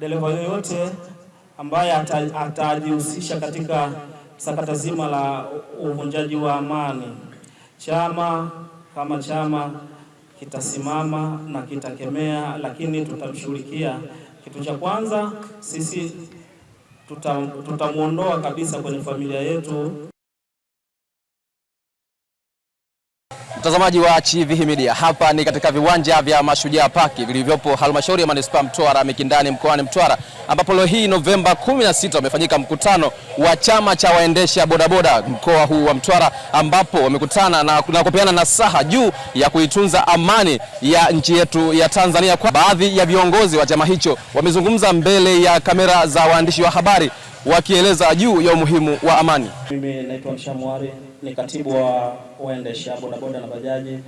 dereva yoyote ambaye atajihusisha katika sakata zima la uvunjaji wa amani, chama kama chama kitasimama na kitakemea, lakini tutamshughulikia. Kitu cha kwanza sisi tutamwondoa kabisa kwenye familia yetu. Mtazamaji wa Chivihi Media, hapa ni katika viwanja vya Mashujaa Paki vilivyopo halmashauri ya manispaa Mtwara Mikindani mkoani Mtwara, ambapo leo hii Novemba 16 umefanyika mkutano wa chama cha waendesha bodaboda mkoa huu wa Mtwara, ambapo wamekutana na, na kupeana nasaha juu ya kuitunza amani ya nchi yetu ya Tanzania. Kwa baadhi ya viongozi wa chama hicho wamezungumza mbele ya kamera za waandishi wa habari wakieleza juu ya umuhimu wa amani. Mimi naitwa Mshamwari, ni katibu wa waendesha bodaboda na bajaji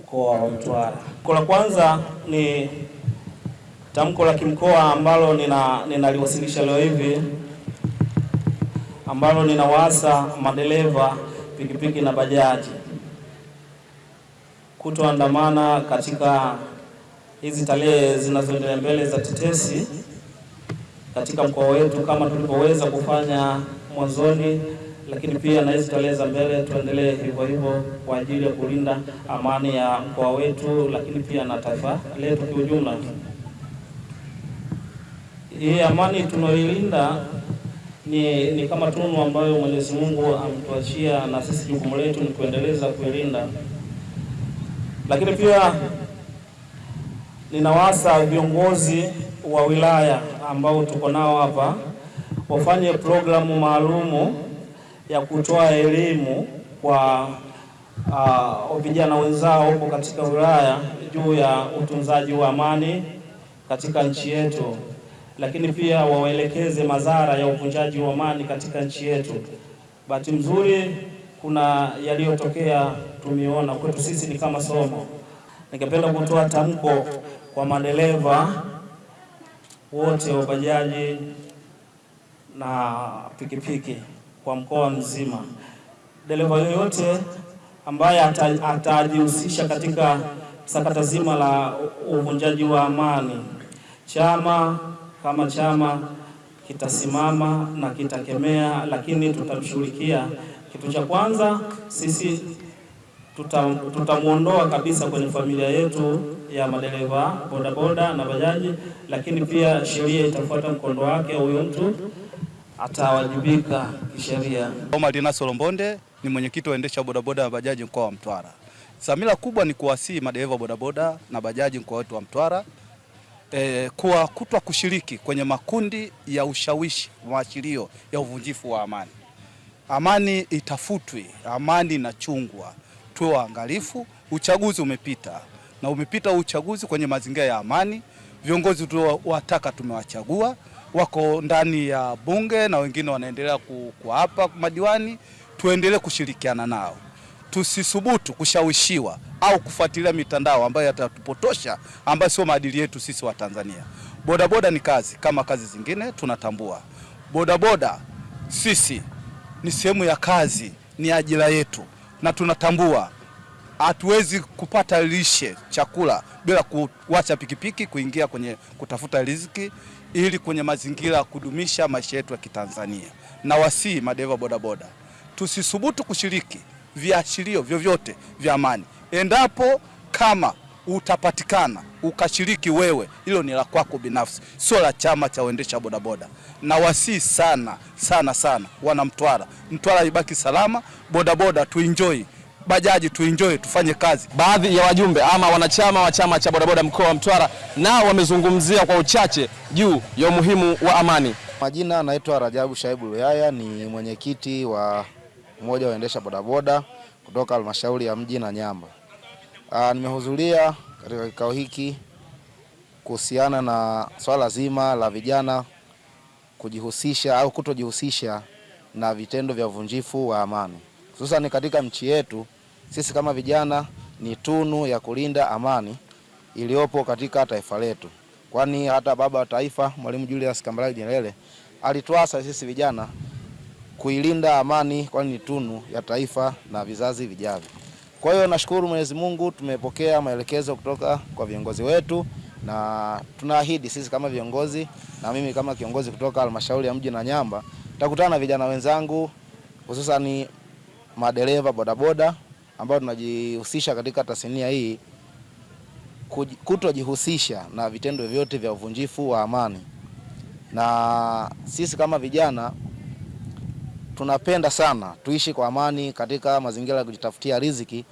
mkoa wa Mtwara. La kwanza ni tamko la kimkoa ambalo ninaliwasilisha nina leo hivi ambalo ninawaasa madereva pikipiki na bajaji kutoandamana katika hizi tarehe zinazoendelea mbele za tetesi katika mkoa wetu kama tulivyoweza kufanya mwanzoni, lakini pia na hizi tarehe za mbele tuendelee hivyo hivyo kwa ajili ya kulinda amani ya mkoa wetu, lakini pia na taifa letu kiujumla. Hii amani tunayoilinda ni, ni kama tunu ambayo Mwenyezi Mungu ametuachia, na sisi jukumu letu ni kuendeleza kuilinda, lakini pia ninawasa viongozi wa wilaya ambao tuko nao hapa wafanye programu maalumu ya kutoa elimu kwa uh, vijana wenzao huko katika wilaya juu ya utunzaji wa amani katika nchi yetu, lakini pia wawaelekeze madhara ya uvunjaji wa amani katika nchi yetu. Bahati mzuri kuna yaliyotokea tumeona kwetu sisi ni kama somo. Ningependa kutoa tamko kwa madereva wote wa bajaji na pikipiki kwa mkoa mzima. Dereva yoyote ambaye atajihusisha katika sakata zima la uvunjaji wa amani, chama kama chama kitasimama na kitakemea, lakini tutamshughulikia. Kitu cha kwanza sisi tutamwondoa tuta kabisa kwenye familia yetu ya madereva bodaboda na bajaji, lakini pia sheria itafuata mkondo wake. Huyo mtu atawajibika kisheria. Omar Dinas Olombonde ni mwenyekiti waendesha bodaboda na bajaji mkoa wa Mtwara. Samila kubwa ni kuwasihi madereva bodaboda na bajaji mkoa wetu wa Mtwara e, kuwa kutwa kushiriki kwenye makundi ya ushawishi, maashirio ya uvunjifu wa amani. Amani itafutwi, amani inachungwa tuwe waangalifu. Uchaguzi umepita na umepita uchaguzi kwenye mazingira ya amani. Viongozi tuliowataka tumewachagua, wako ndani ya bunge na wengine wanaendelea kuapa madiwani. Tuendelee kushirikiana nao, tusisubutu kushawishiwa au kufuatilia mitandao ambayo yatatupotosha, ambayo sio maadili yetu sisi wa Tanzania. Bodaboda ni kazi kama kazi zingine, tunatambua bodaboda sisi ni sehemu ya kazi, ni ajira yetu na tunatambua hatuwezi kupata lishe chakula bila kuwacha pikipiki kuingia kwenye kutafuta riziki ili kwenye mazingira kudumisha maisha yetu ya Kitanzania. Na wasii madereva bodaboda, tusisubutu kushiriki viashirio vyovyote vya amani endapo kama utapatikana ukashiriki wewe, hilo ni la kwako binafsi, sio la chama cha waendesha bodaboda. Na wasii sana sana sana wana Mtwara, Mtwara ibaki salama, bodaboda tuenjoy bajaji tuenjoy, tufanye kazi. Baadhi ya wajumbe ama wanachama wa chama cha bodaboda mkoa wa Mtwara nao wamezungumzia kwa uchache juu ya umuhimu wa amani. Majina anaitwa Rajabu Shaibu Luyaya, ni mwenyekiti wa mmoja waendesha bodaboda kutoka halmashauri ya mji na Nyamba. Ah, nimehudhuria katika kikao hiki kuhusiana na swala zima la vijana kujihusisha au kutojihusisha na vitendo vya uvunjifu wa amani, hususani katika nchi yetu. Sisi kama vijana ni tunu ya kulinda amani iliyopo katika taifa letu, kwani hata baba wa taifa Mwalimu Julius Kambarage Nyerere alituasa sisi vijana kuilinda amani, kwani ni tunu ya taifa na vizazi vijavyo. Kwa hiyo nashukuru Mwenyezi Mungu, tumepokea maelekezo kutoka kwa viongozi wetu na tunaahidi sisi kama viongozi na mimi kama kiongozi kutoka halmashauri ya mji Nanyamba nitakutana na vijana wenzangu hususan madereva bodaboda ambao tunajihusisha katika tasnia hii kutojihusisha na vitendo vyote vya uvunjifu wa amani, na sisi kama vijana tunapenda sana tuishi kwa amani katika mazingira ya kujitafutia riziki,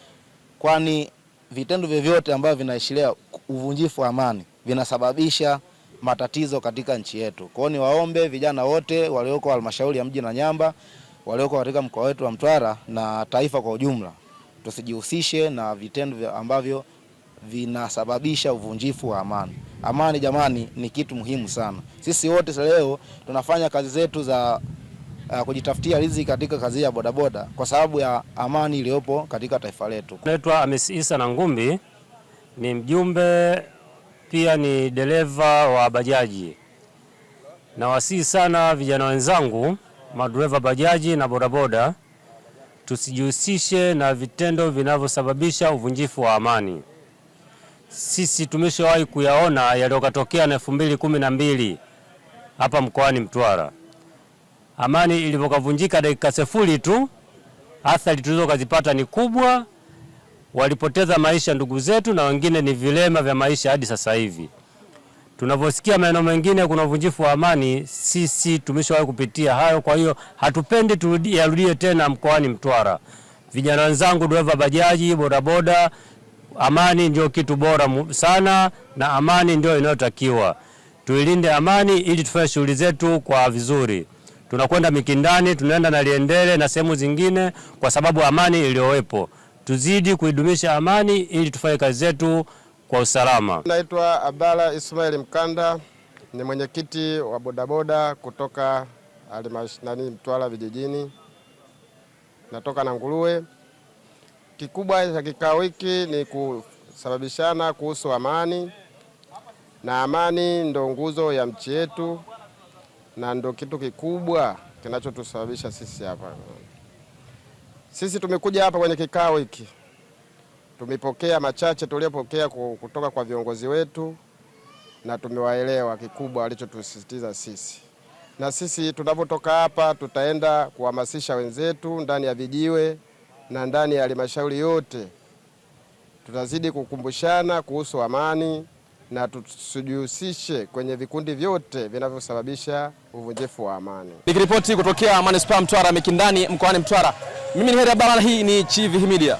kwani vitendo vyovyote ambavyo vinaishiria uvunjifu wa amani vinasababisha matatizo katika nchi yetu. Kwa ni waombe vijana wote walioko halmashauri ya mji Nanyamba, walioko katika mkoa wetu wa Mtwara na taifa kwa ujumla, tusijihusishe na vitendo ambavyo vinasababisha uvunjifu wa amani. Amani jamani, ni kitu muhimu sana. Sisi wote leo tunafanya kazi zetu za uh, kujitafutia riziki katika kazi ya bodaboda kwa sababu ya amani iliyopo katika taifa letu. Naitwa Hamisi Isa Nangumbi, ni mjumbe pia ni dereva wa bajaji. Nawasihi sana vijana wenzangu, madereva bajaji na bodaboda, tusijihusishe na vitendo vinavyosababisha uvunjifu wa amani. Sisi tumeshawahi kuyaona yaliyotokea na elfu mbili kumi na mbili hapa mkoani Mtwara. Amani ilivyokavunjika dakika sifuri tu, athari tulizokazipata ni kubwa. Walipoteza maisha ndugu zetu, na wengine ni vilema vya maisha hadi sasa hivi. Tunavyosikia maeneo mengine kuna uvunjifu wa amani, sisi tumeshawahi kupitia hayo. Kwa hiyo hatupendi yarudie tena mkoani Mtwara. Vijana wenzangu, dereva bajaji, bodaboda, amani ndio kitu bora sana, na amani ndio inayotakiwa. Tuilinde amani ili tufanye shughuli zetu kwa vizuri tunakwenda Mikindani, tunaenda na Liendele na sehemu zingine, kwa sababu amani iliyowepo. Tuzidi kuidumisha amani ili tufanye kazi zetu kwa usalama. Naitwa Abdalla Ismail Mkanda, ni mwenyekiti wa bodaboda kutoka nani Mtwara vijijini, natoka na Nguruwe. Kikubwa cha kikao hiki ni kusababishana kuhusu amani, na amani ndo nguzo ya nchi yetu na ndo kitu kikubwa kinachotusababisha sisi hapa. Sisi tumekuja hapa kwenye kikao hiki, tumepokea machache tuliyopokea kutoka kwa viongozi wetu na tumewaelewa kikubwa walichotusisitiza sisi, na sisi tunavyotoka hapa tutaenda kuhamasisha wenzetu ndani ya vijiwe na ndani ya halmashauri yote, tutazidi kukumbushana kuhusu amani na tusijihusishe kwenye vikundi vyote vinavyosababisha uvunjifu wa amani. Nikiripoti kutokea manispaa Mtwara Mikindani mkoani Mtwara, mimi ni Heri Abdalla, hii ni Chivihi Media.